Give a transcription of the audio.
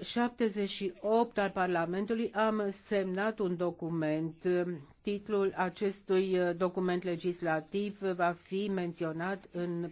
78 eh, al Parlamentului am semnat un document. Titlul acestui eh, document legislativ va fi menționat în